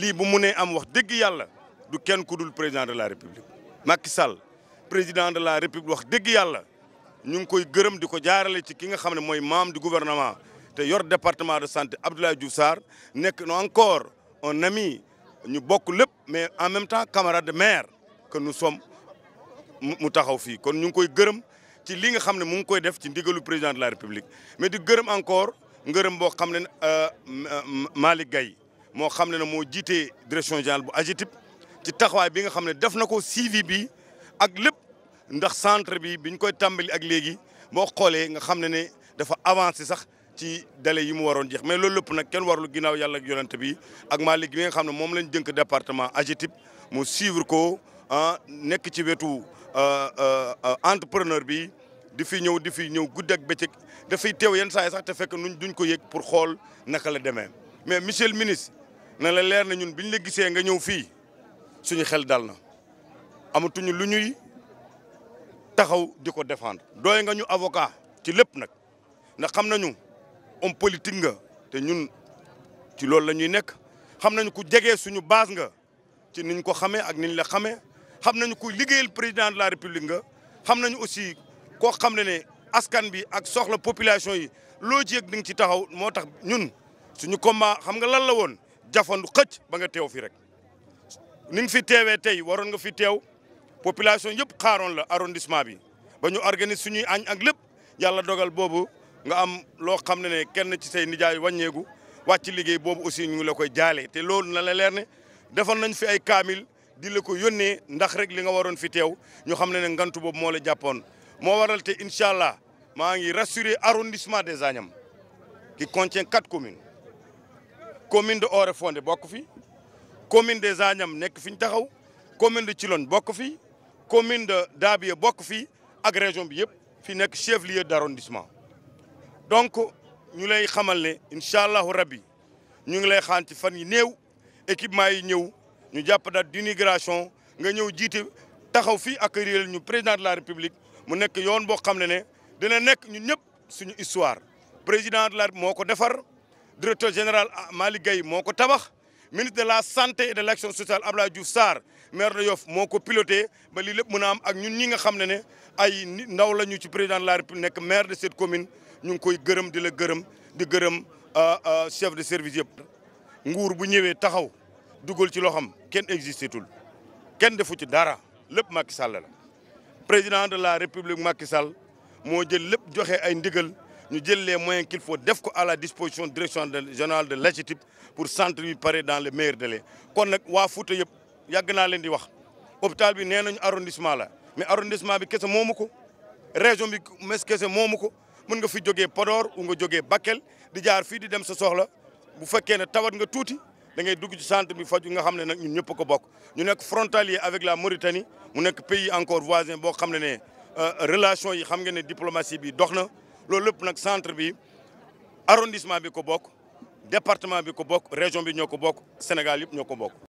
lii bu munee am wax dëgg yàlla du kenn ku dul président de la république Macky Sall président de la république wax dëgg yàlla ñu ngi koy gërëm di ko jaarale ci ki nga xam ne mooy membre du gouvernement te yor département de santé Abdoulaye Diouf Sarr nekk na encore on ami ñu bokk lépp mais en même temps camarade de maire que nous sommes mu taxaw fii kon ñu ngi koy gërëm ci li nga xam ne mu ngi koy def ci ndigalu président de la république mais di gërëm encore ngërëm boo xam ne euh, Malick Gaye moo xam ne na moo jiitee direction générale bu AGETIP ci taxawaay bi nga xam ne def na ko suivi bi ak lépp ndax centre bi ñu koy tàmbali ak léegi boo xoolee nga xam ne ne dafa avancé sax ci délai yi mu waroon jeex mais loolu lépp nag kenn warlu ginnaaw yàlla ak yonent bi ak léegi bi nga xam ne moom lañ jënk département AGETIP mu suivre ko ah nekk ci wetu euh, euh, entrepreneur bi di fi ñëw di fi ñëw guddi ak bëccëg dafay teew yenn saa yi sax te fekk nuñ duñ ko yëg pour xool naka la demee mais monsieur le ministre na la leer na ñun biñ la gisee nga ñëw fii suñu xel dal na amatuñu lu ñuy taxaw di ko défendre. dooy nga ñu avocat ci lépp nag ndax xam nañu homme politique nga te ñun ci loolu la ñuy nekk xam nañu ku jege suñu base nga ci niñ ko xamee ak niñ la xamee xam nañu ku liggéeyal président de la république nga xam nañu aussi koo xam ne ne askan bi ak soxla population yi loo jéeg di nga ci taxaw moo tax ñun suñu combat xam nga lan la woon. jafandu xëcc ba nga teew fi rek ni nga fi teewee tey waroon nga fi teew population yëpp xaaroon la arrondissement bi ba ñu organise suñuy añ ak lépp yàlla dogal boobu nga am loo xam ne ne kenn ci tey nijaay wàññeeku wàcc liggéey boobu aussi ñu ngi la koy jaalee te loolu na la leer ne defoon nañ fi ay kaamil di la ko yónnee ndax rek li nga waroon fi teew ñu xam ne ne ngantu boobu moo la jàppoon moo waral te incha allah maa ngi rassurer arrondissement des añam qui quatre communes commune de Oréfondé bokk fi commune des Agnam nekk fi ñu taxaw commune de Thilogne bokk fi commune de Dabié bokk fi ak région bi yëpp fi nekk chef lieu d' arrondissement donc ñu lay xamal ne incha allahu rabbi ñu ngi lay xaan ci fan yi néew équipement yi ñëw ñu jàpp date d'inauguration nga ñëw jiite taxaw fii accueillir ñu président de la république mu nekk yoon boo xam ne ne dina nekk ñun ñëpp suñu histoire président de la moo ko defar directeur général ah, Malick Gueye moo ko tabax ministre de la santé et de l' action sociale Abdoulaye Diouf Sarr maire de yof moo ko piloté ba lii lépp mën a am ak ñun ñi nga xam ne ne ay ndaw la ñu ci président de la république nekk maire de cette commune ñu ngi koy gërëm di la gërëm di gërëm ah, ah, chef de service yëpp. nguur bu ñëwee taxaw dugal ci loxam kenn existé tul kenn defu ci dara lépp Macky la président de la république Macky Sall moo jël lépp joxe ay ndigal. ñu jël les moyens qu'il def ko à la disposition direction générale de l'AGETIP pour centre bi pare dans les meilleurs délais kon nag waa Fouta yëpp yàgg naa leen di wax hôpital bi nee nañu arrondissement la mais arrondissement bi kese moomu ko région bi mes kese moomu ko mën nga fi jógee podoor ou nga jógee Bakel di jaar fii di dem sa soxla bu fekkee ne tawat nga tuuti da ngay dugg ci centre bi faju nga xam ne nag ñun ñëpp ko bokk ñu nekk frontalier avec la Mauritanie mu nekk pays encore voisin boo xam ne ne euh, relation yi xam nga ne diplomatie bi dox na loolu lépp nag centre bi arrondissement bi ko bokk département bi ko bokk région bi ñoo ko bokk Sénégal yëpp ñoo ko bokk